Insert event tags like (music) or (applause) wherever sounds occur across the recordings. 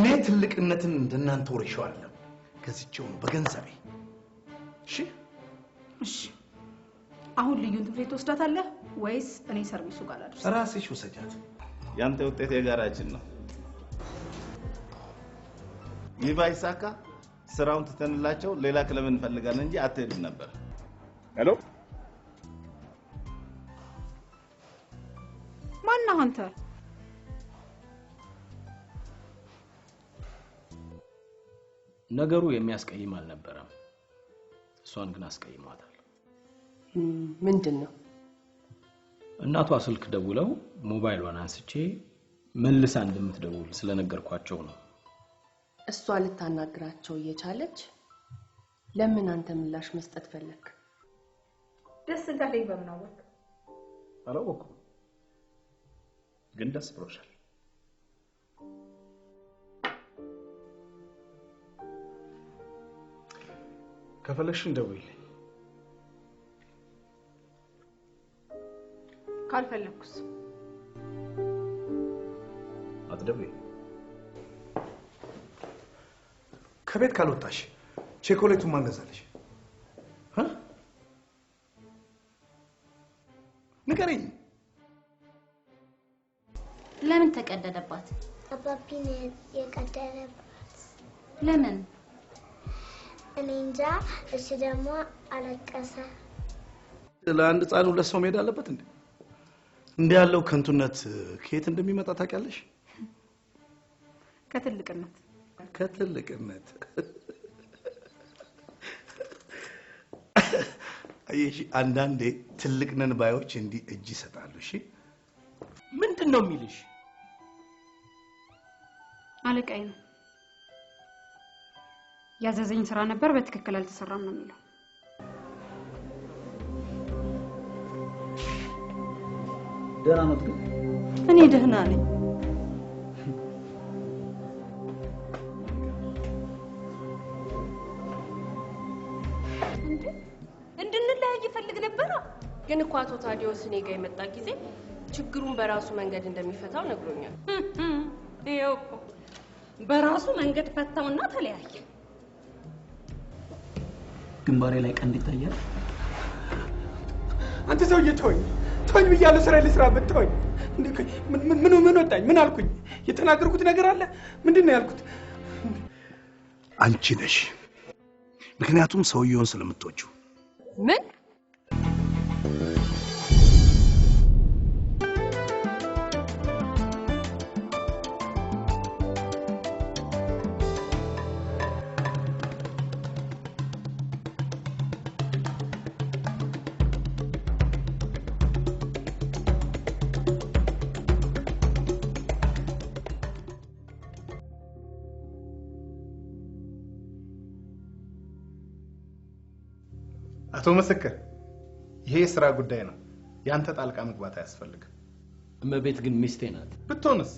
እኔ ትልቅነትን እንደናንተ ወርሼዋለሁ። ገዝቼውም በገንዘቤ። እሺ እሺ። አሁን ልዩን ትምህርት ቤት ወስዳታለህ ወይስ እኔ ሰርቪሱ ጋር ላድርስ? ራስሽ ውሰጃት። ያንተ ውጤት የጋራችን ነው። ይህ ባይሳካ ስራውን ትተንላቸው ሌላ ክለብ እንፈልጋለን እንጂ አትሄድም ነበር። ሄሎ ማነህ አንተ? ነገሩ የሚያስቀይም አልነበረም። እሷን ግን አስቀይሟታል። ምንድን ነው? እናቷ ስልክ ደውለው ሞባይሏን አንስቼ መልሳ እንደምትደውል ስለነገርኳቸው ነው። እሷ ልታናግራቸው እየቻለች ለምን አንተ ምላሽ መስጠት ፈለክ? ደስ እንዳለኝ በምን አወቅ? ግን ደስ ብሎሻል። ከፈለግሽ እንደውይልኝ። ካልፈለግኩስ አትደውይ። ከቤት ካልወጣሽ ቼኮሌቱን ማን ገዛልሽ? ንገረኝ። ለምን ተቀደደባት? አባቢ የቀደደባት። ለምን? እንጃ። እሱ ደግሞ አለቀሰ። ለአንድ ህፃን ሁለት ሰው መሄድ አለበት እንዴ? እንዲህ ያለው ከንቱነት ከየት እንደሚመጣ ታውቂያለሽ? ከትልቅነት ከትልቅነት አየሽ፣ አንዳንዴ ትልቅ ነን ባዮች እንዲህ እጅ ይሰጣሉ። እሺ፣ ምንድን ነው የሚልሽ? አለቃዬ ነው ያዘዘኝ ስራ ነበር፣ በትክክል አልተሰራም ነው የሚለው። ደህና ነው ግን? እኔ ደህና ነኝ። እንድንለያይ ይፈልግ ነበር ግን እኮ አቶ ታዲዮስ እኔ ጋር የመጣ ጊዜ ችግሩን በራሱ መንገድ እንደሚፈታው ነግሮኛል። ይኸው እኮ በራሱ መንገድ ፈታውና ተለያየ። ግንባሬ ላይ ቀንድ ይታያል። አንተ ሰውዬ ተወኝ ተወኝ ብያለሁ፣ ስራ ልስራበት ተወኝ። ምን ምን ወጣኝ? ምን አልኩኝ? የተናገርኩት ነገር አለ? ምንድን ነው ያልኩት? አንቺ ነሽ። ምክንያቱም ሰውየውን ስለምትወጁ ምን አቶ ምስክር፣ ይሄ የስራ ጉዳይ ነው። ያንተ ጣልቃ መግባት አያስፈልግም። እመቤት ግን ሚስቴ ናት። ብትሆንስ?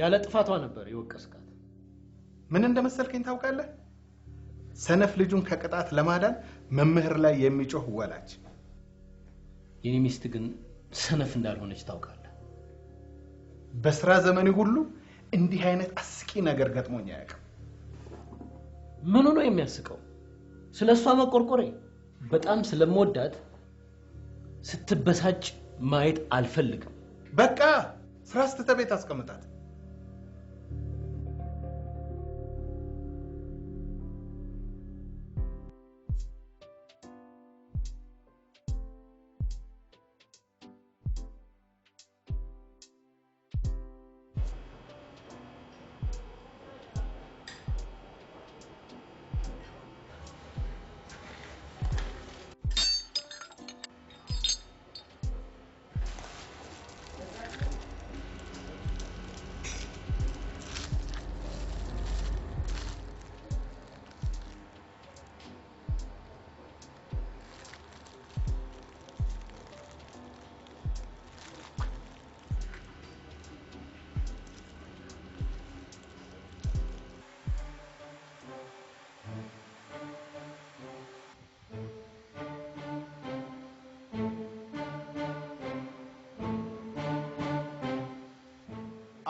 ያለ ጥፋቷ ነበር የወቀስካት። ምን እንደመሰልከኝ ታውቃለህ? ሰነፍ ልጁን ከቅጣት ለማዳን መምህር ላይ የሚጮህ ወላጅ። የኔ ሚስት ግን ሰነፍ እንዳልሆነች ታውቃለህ። በስራ ዘመኔ ሁሉ እንዲህ አይነት አስቂ ነገር ገጥሞኝ አያውቅም። ምኑ ነው የሚያስቀው? ስለ እሷ መቆርቆሬ በጣም ስለምወዳት ስትበሳጭ ማየት አልፈልግም። በቃ ስራ ስትተህ ቤት አስቀምጣት።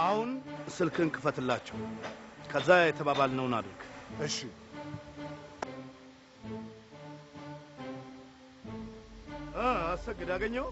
አሁን ስልክን ክፈትላቸው፣ ከዛ የተባባልነውን አድርግ። እሺ። አሰግድ አገኘው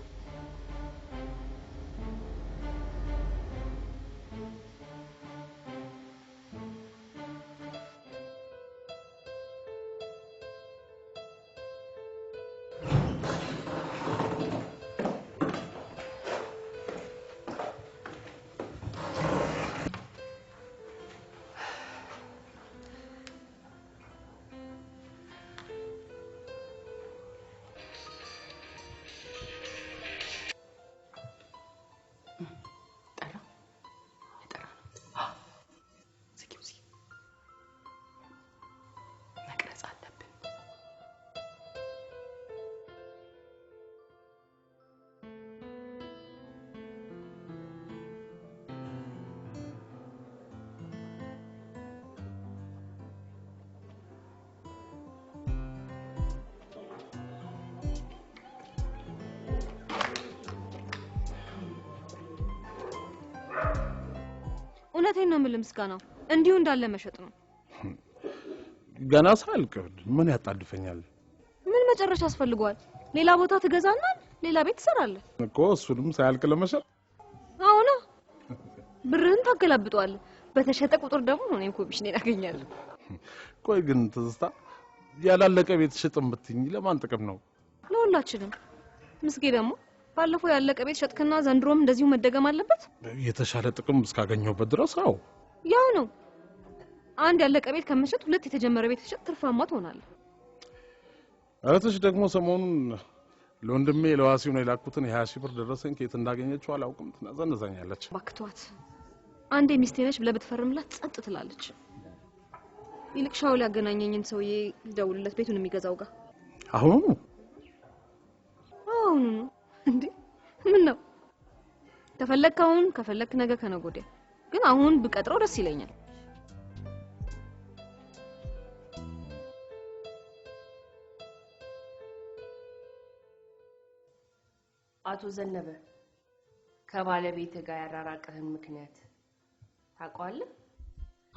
እውነቴን ነው የምልህ ምስጋናው፣ እንዲሁ እንዳለ መሸጥ ነው። ገና ሳያልቅ ምን ያጣድፈኛል? ምን መጨረሻ አስፈልገዋል? ሌላ ቦታ ትገዛና ሌላ ቤት ትሰራለህ እኮ። እሱንም ሳያልቅ ለመሸጥ ነው ብርህን ታገላብጠዋለህ። በተሸጠ ቁጥር ደግሞ እኔም ኮሚሽኔን አገኛለሁ። ቆይ ግን ትዝታ፣ ያላለቀ ቤት ሽጥም ብትኝ ለማን ጥቅም ነው? ለሁላችንም። ምስጌ ደግሞ ባለፈው ያለቀ ቤት ሸጥክና ዘንድሮም እንደዚሁ መደገም አለበት? የተሻለ ጥቅም እስካገኘሁበት ድረስ አዎ። ያው ነው። አንድ ያለቀ ቤት ከመሸጥ ሁለት የተጀመረ ቤት ሸጥ ትርፋማ ትሆናለህ። እህትሽ ደግሞ ሰሞኑን ለወንድሜ ለዋሲው ነው የላኩትን የሀያ ሺህ ብር ደረሰኝ ከየት እንዳገኘችው አላውቅም። ትነዘንዛኛለች። ባክቷት አንዴ ሚስቴ ነች ብለህ ብትፈርምላት ጸጥ ትላለች። ይልቅ ሻውል ያገናኘኝን ሰውዬ ደውልለት፣ ቤቱን የሚገዛው ጋር አሁኑ አሁኑ እንዴ ምን ነው ከፈለክ አሁን ከፈለክ ነገ ከነገ ወዲያ ግን አሁን ብቀጥረው ደስ ይለኛል አቶ ዘነበ ከባለቤት ጋር ያራራቀህን ምክንያት ታውቀዋለህ?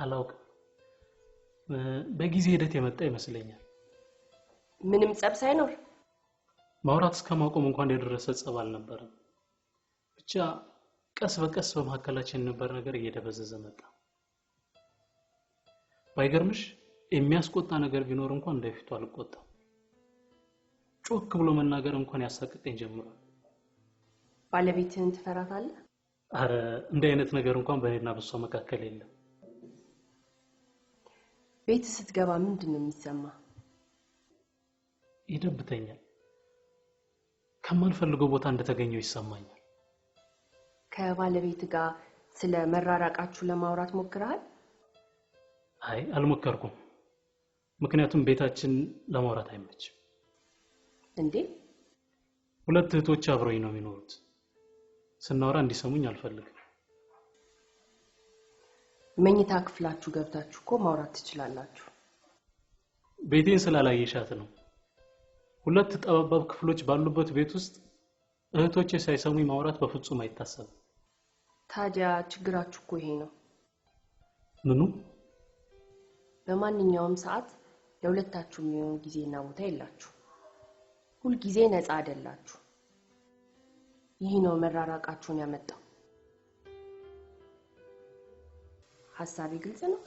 አላውቅም። በጊዜ ሂደት የመጣ ይመስለኛል። ምንም ጸብ ሳይኖር ማውራት እስከ ማቆም እንኳን የደረሰ ጸብ አልነበረም። ብቻ ቀስ በቀስ በመካከላችን የነበር ነገር እየደበዘዘ መጣ። ባይገርምሽ የሚያስቆጣ ነገር ቢኖር እንኳን እንደፊቱ አልቆጣም። ጮክ ብሎ መናገር እንኳን ያሳቅጠኝ ጀምሯል። ባለቤትን ትፈራታለህ? አረ እንዲህ አይነት ነገር እንኳን በእኔና በሷ መካከል የለም። ቤት ስትገባ ምንድን ነው የሚሰማ? ይደብተኛል። ከማንፈልገው ቦታ እንደተገኘው ይሰማኛል። ከባለቤት ጋር ስለ መራራቃችሁ ለማውራት ሞክረሃል? አይ አልሞከርኩም። ምክንያቱም ቤታችን ለማውራት አይመችም። እንዴ? ሁለት እህቶች አብረኝ ነው የሚኖሩት። ስናወራ እንዲሰሙኝ አልፈልግም። መኝታ ክፍላችሁ ገብታችሁ እኮ ማውራት ትችላላችሁ። ቤቴን ስላላየሻት ነው። ሁለት ጠባብ ክፍሎች ባሉበት ቤት ውስጥ እህቶቼ ሳይሰሙኝ ማውራት በፍጹም አይታሰብም። ታዲያ ችግራችሁ እኮ ይሄ ነው። ምኑ? በማንኛውም ሰዓት ለሁለታችሁ የሚሆን ጊዜና ቦታ የላችሁ። ሁልጊዜ ነፃ አይደላችሁ። ይህ ነው መራራቃችሁን ያመጣው። ሀሳቤ ግልጽ ነው።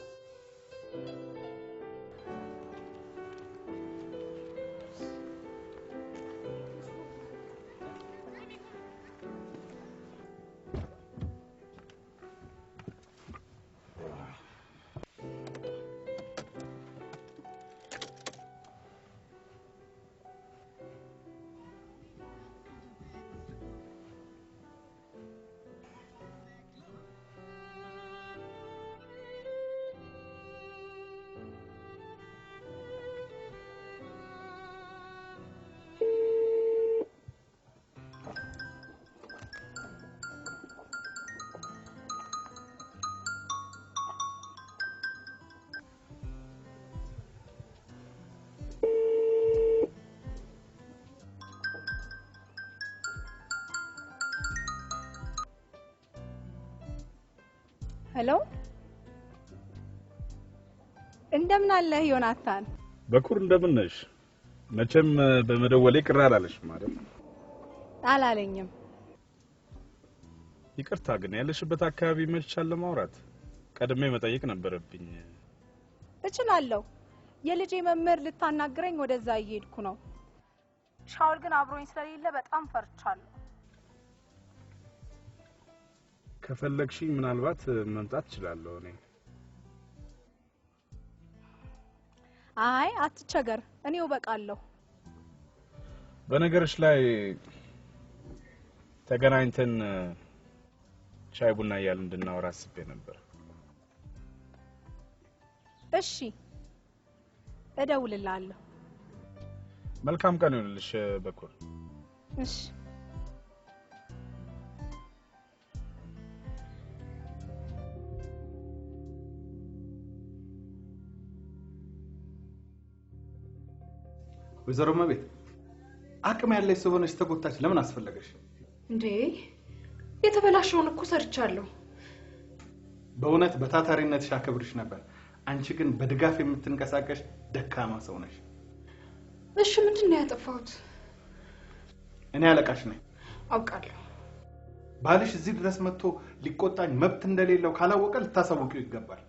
ሄሎ፣ እንደምን አለህ ዮናታን? በኩር እንደምን ነሽ? መቼም በመደወሌ ቅር አላለሽም አይደል? አላለኝም። ይቅርታ ግን ያለሽበት አካባቢ ይመችሻል ለማውራት? ቀድሜ መጠየቅ ነበረብኝ። እችላለሁ። የልጄ መምህር ልታናግረኝ ወደዛ እየሄድኩ ነው። ሻውል ግን አብሮኝ ስለሌለ በጣም ፈርቻለሁ። ከፈለግሽኝ ምናልባት መምጣት እችላለሁ እኔ። አይ አትቸገር፣ እኔው በቃለሁ። በነገሮች ላይ ተገናኝተን ሻይ ቡና እያልን እንድናወራ አስቤ ነበር። እሺ እደውልልሃለሁ። መልካም ቀን ይሁንልሽ በኩል። እሺ ወይዘሮ መቤት አቅም ያለች ስለሆነች ተጎታች ለምን አስፈለገሽ እንዴ? የተበላሸውን እኮ ሰርቻለሁ። በእውነት በታታሪነትሽ አከብርሽ ነበር። አንቺ ግን በድጋፍ የምትንቀሳቀሽ ደካማ ሰው ነሽ። እሺ ምንድን ነው ያጠፋሁት? እኔ አለቃሽ ነኝ። አውቃለሁ። ባልሽ እዚህ ድረስ መጥቶ ሊቆጣኝ መብት እንደሌለው ካላወቀ ልታሳውቂው ይገባል።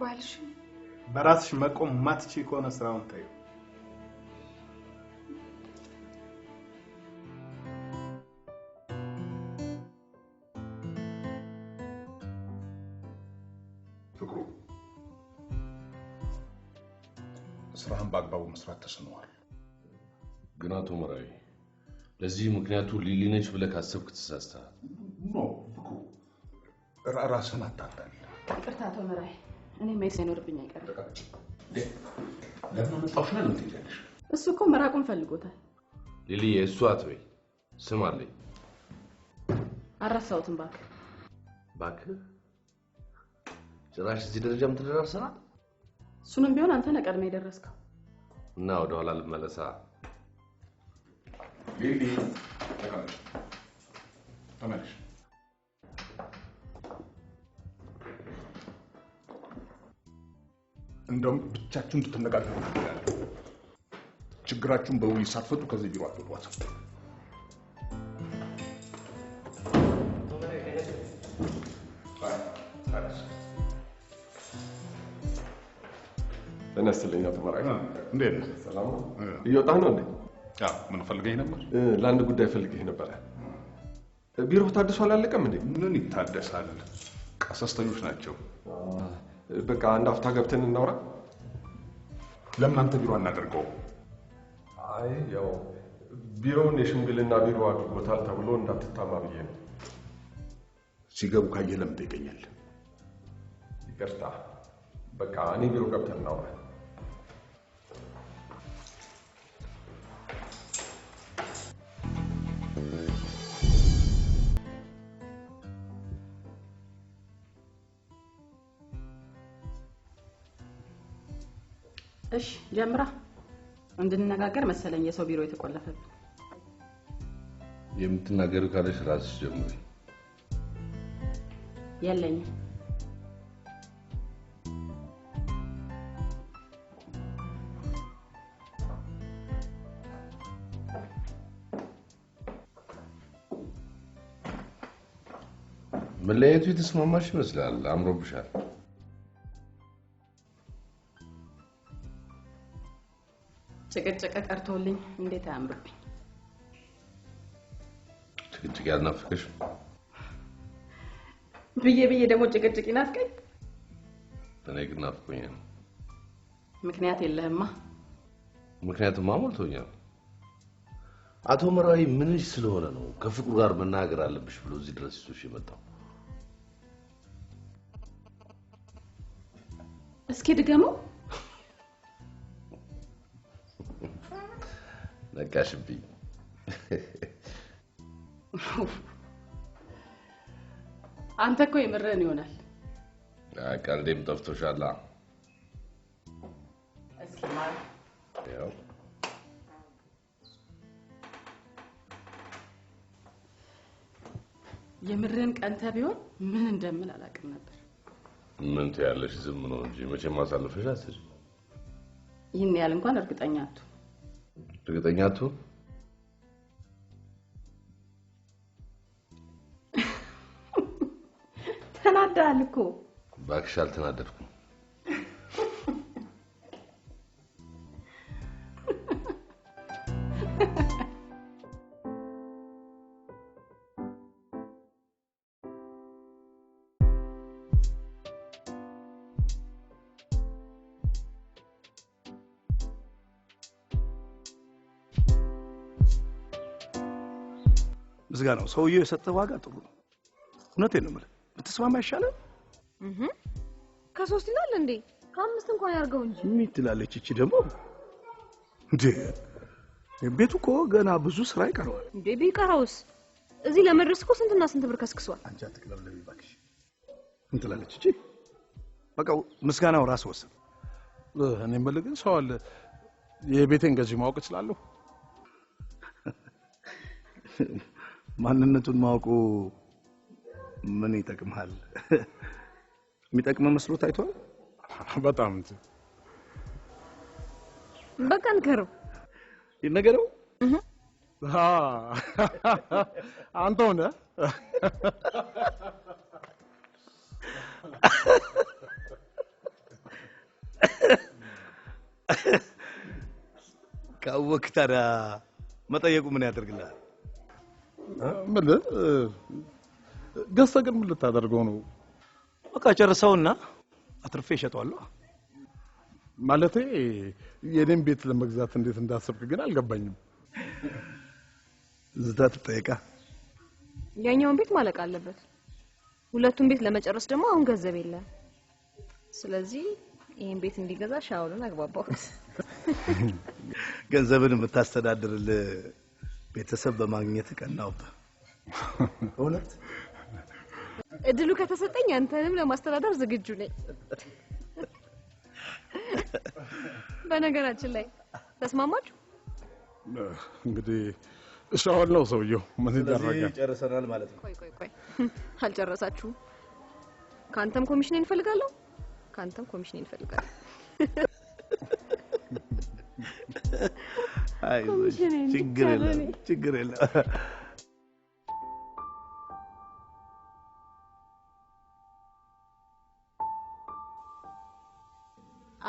ባልሽ በራስሽ መቆም ማትቺ ከሆነ ስራውን ታዩ። ፍቅሩ ስራህን በአግባቡ መስራት ተስኖዋል። ግን አቶ መራዊ ለዚህ ምክንያቱ ሊሊ ነች ብለህ ካሰብክ ተሳስተሃል። ኖ ፍቅሩ ራስን አታታል። ይቅርታ አቶ መራዊ እኔ ማየት ሳይኖርብኝ አይቀርም። ለምን መጣሽ ነው ትያለሽ? እሱ እኮ መራቁን ፈልጎታል። ሊሊዬ፣ እሱ አትበይ። ስም አለኝ። አረሳሁትም። እባክህ እባክህ። ጭራሽ እዚህ ደረጃም የምትደርሰናል። እሱንም ቢሆን አንተ ነህ ቀድመህ የደረስከው እና ወደኋላ ልመለሳ ሊሊ ተመለሽ እንደውም ብቻችሁ እንድትነጋገሩ ፈልጋለሁ። ችግራችሁን በውይ ሳትፈጡ ከዚህ ቢሮ አትወጧት። እነስትልኝ አቶ መራዊ፣ እንዴት ነህ? ሰላም ነው። እየወጣህ ነው እንዴ? ምን ፈልገኝ ነበር? ለአንድ ጉዳይ ፈልገኝ ነበረ። ቢሮ ታደሱ አላለቀም እንዴ? ምን ይታደሳል? ቀሰስተኞች ናቸው። በቃ አንድ አፍታ ገብተን እናውራ። ለምን አንተ ቢሮ አናደርገው? አይ ያው ቢሮውን የሽምግልና ቢሮ አድርጎታል ተብሎ እንዳትታማ ብዬ ነው። ሲገቡ ካየህ ለምን ትገኛለህ? ይቅርታ፣ በቃ እኔ ቢሮ ገብተን እናውራ። እሺ ጀምራ እንድንነጋገር መሰለኝ የሰው ቢሮ የተቆለፈብን። የምትናገሩ ካለሽ ራስሽ ጀምሪ። የለኝም። መለያየቱ የተስማማሽ ይመስላል። አምሮብሻል። ጭቅጭቅ ቀርቶልኝ እንዴት አያምርብኝ። ጭቅጭቅ ያልናፍቅሽ ብዬ ብዬ ደግሞ ጭቅጭቅ ይናፍቀኝ። እኔ ግን ናፍቆኛል። ምክንያት የለህማ። ምክንያቱም አሞልቶኛል። አቶ መራዊ ምንሽ ስለሆነ ነው ከፍቅሩ ጋር መናገር አለብሽ ብሎ እዚህ ድረስ ይዞሽ የመጣው? እስኪ ድገመው። ነቃሽብኝ። አንተ እኮ የምርህን ይሆናል። ቀልዴም ጠፍቶሻላ። እስኪ ቀንተ ቢሆን ምን እንደምል አላውቅም ነበር። ምን ትያለሽ? ዝም ነው እንጂ መቼም ማሳለፈሽ አስር ይህን ያህል እንኳን እርግጠኛ አትሁን። እርግጠኛ ትሁን። ተናዳሃል እኮ። እባክሽ አልተናደድኩም። ነው። ሰውየው የሰጠ ዋጋ ጥሩ ነው። እውነቴን ነው የምልህ። ብትስማማ ይሻላል። ከሶስት ይላል እንዴ? ከአምስት እንኳን ያርገው እንጂ ምን ትላለች እቺ ደግሞ እንዴ? ቤቱ እኮ ገና ብዙ ስራ ይቀረዋል። እንዴ ቢቀረውስ? እዚህ ለመድረስ እኮ ስንትና ስንት ብር ከስክሷል። አንቺ አትክለው ለሚባክሽ ምን ትላለች እቺ? በቃ ምስጋናው ራስ ወሰን። እኔ የምልህ ግን ሰው አለ የቤቴን ገዢ ማወቅ እችላለሁ? (laughs) ማንነቱን ማወቁ ምን ይጠቅማል? (laughs) የሚጠቅመ መስሎ ታይቷል። (laughs) በጣም በቃ ንገረው ይነገረው። አንተ ሆነ ካወክ ታዲያ መጠየቁ ምን ያደርግልሃል? የምልህ ገዝተህ ግን ምን ልታደርገው ነው? በቃ ጨርሰውና አትርፌ እሸጠዋለሁ። ማለቴ የኔም ቤት ለመግዛት እንዴት እንዳሰብክ ግን አልገባኝም። ዝታ ትጠየቃ ያኛውን ቤት ማለቅ አለበት። ሁለቱን ቤት ለመጨረስ ደግሞ አሁን ገንዘብ የለም። ስለዚህ ይሄን ቤት እንዲገዛ ሻውልን አግባባሁት። (laughs) ገንዘብን የምታስተዳድርልህ ቤተሰብ በማግኘት ቀናውብህ። እውነት እድሉ ከተሰጠኝ አንተንም ለማስተዳደር ዝግጁ ነኝ። በነገራችን ላይ ተስማማችሁ? እንግዲህ እሺ አሁን ነው ሰውየው ምን ይደረጋል? ጨርሰናል ማለት ነው። ቆይ ቆይ ቆይ (laughs) አልጨረሳችሁም። ከአንተም ኮሚሽን እንፈልጋለሁ፣ ከአንተም ኮሚሽን እንፈልጋለሁ። ችግር የለም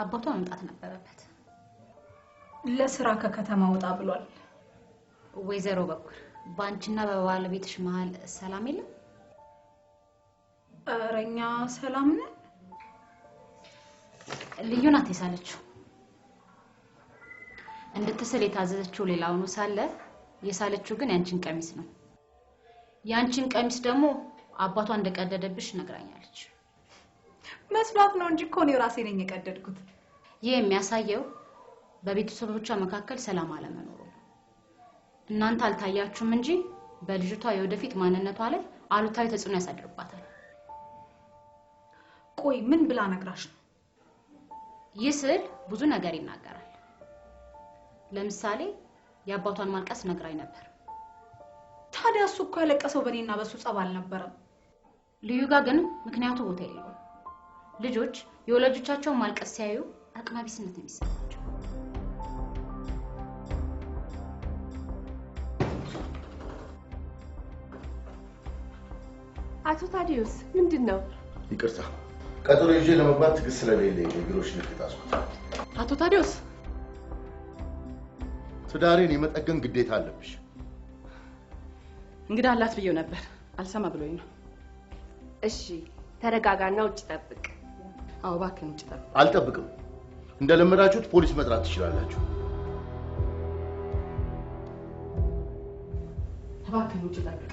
አባቷ መምጣት ነበረበት። ለስራ ከከተማ ወጣ ብሏል። ወይዘሮ በኩር በአንቺና በባለቤትሽ መሀል ሰላም የለም? እረኛ ሰላም ነን። ልዩ ናት የሳለችው እንድትስል የታዘዘችው ሌላ ሆኖ ሳለ የሳለችው ግን ያንቺን ቀሚስ ነው። ያንቺን ቀሚስ ደግሞ አባቷ እንደቀደደብሽ ነግራኛለች። መስሏት ነው እንጂ እኮ እኔ ራሴ ነኝ የቀደድኩት። ይህ የሚያሳየው በቤተሰቦቿ መካከል ሰላም አለመኖሩ ነው። እናንተ አልታያችሁም እንጂ በልጅቷ የወደፊት ማንነቷ ላይ አሉታዊ ተጽዕኖ ያሳድርባታል። ቆይ ምን ብላ ነግራሽ ነው? ይህ ስዕል ብዙ ነገር ይናገራል። ለምሳሌ የአባቷን ማልቀስ ነግራኝ ነበር። ታዲያ እሱ እኮ ያለቀሰው በእኔና በሱ ጸብ አልነበረም። ልዩ ጋር ግን ምክንያቱ ቦታ የለውም። ልጆች የወላጆቻቸውን ማልቀስ ሲያዩ አቅማቢስነት ነው የሚሰማቸው። አቶ ታዲዮስ ምንድን ነው? ይቅርታ ቀጠሮ ይዤ ለመግባት ትዕግስት ስለሌለ የግሮች ቢሮሽ አስኩት። አቶ ታዲዮስ ትዳሬን የመጠገን ግዴታ አለብሽ። እንግዳ አላት ብዬው ነበር፣ አልሰማ ብሎኝ ነው። እሺ ተረጋጋና ውጭ ጠብቅ። አዎ እባክህ ውጭ ጠብቅ። አልጠብቅም። እንደለመዳችሁት ፖሊስ መጥራት ትችላላችሁ። እባክህ ውጭ ጠብቅ።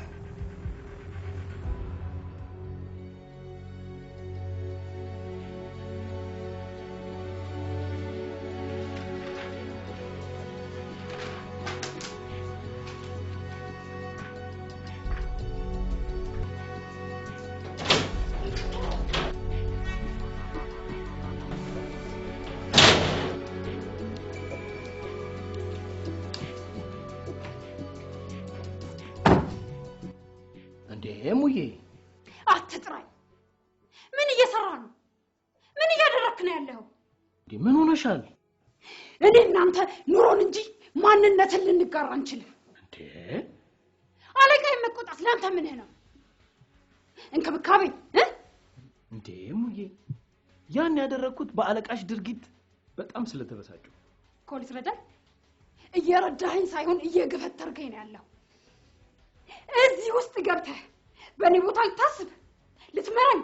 ይገባሻል። እኔ እናንተ ኑሮን እንጂ ማንነትን ልንጋራ አንችልም። እንዴ አለቃዬን መቆጣት ለአንተ ምንህ ነው? እንክብካቤ እንዴ ሙዬ፣ ያን ያደረግኩት በአለቃሽ ድርጊት በጣም ስለተበሳጨሁ እኮ ልትረዳኝ እየረዳኸኝ ሳይሆን እየገፈተርከኝ ነው ያለው። እዚህ ውስጥ ገብተህ በእኔ ቦታ ልታስብ፣ ልትመራኝ፣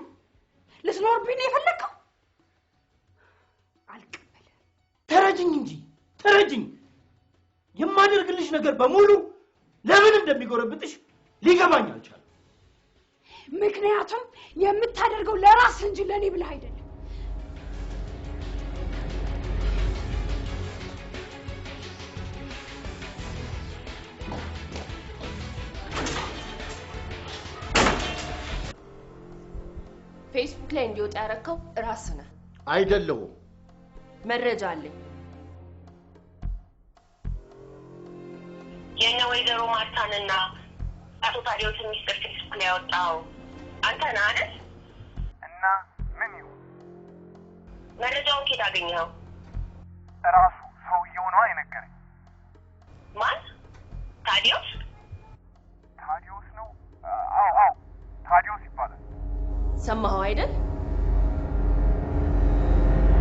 ልትኖርብኝ ነው የፈለግከው? ተረጅኝ እንጂ ተረጅኝ። የማደርግልሽ ነገር በሙሉ ለምን እንደሚጎረብጥሽ ሊገባኝ አልቻለም። ምክንያቱም የምታደርገው ለራስ እንጂ ለእኔ ብለህ አይደለም። ፌስቡክ ላይ እንዲወጣ ያረከው ራስ ነህ። አይደለሁም መረጃ አለኝ። የእነ ወይዘሮ ማርታንና አቶ ታዲዮስን ሚስጥር ፌስቡክ ላይ ያወጣው አንተ ነህ አይደል? እና ምን ይሁን መረጃውን ኬት አገኘኸው? ራሱ ሰውየው ነዋ የነገረኝ። ማን? ታዲዎስ? ታዲዎስ ነው። አዎ አዎ፣ ታዲዎስ ይባላል። ሰማኸው አይደል?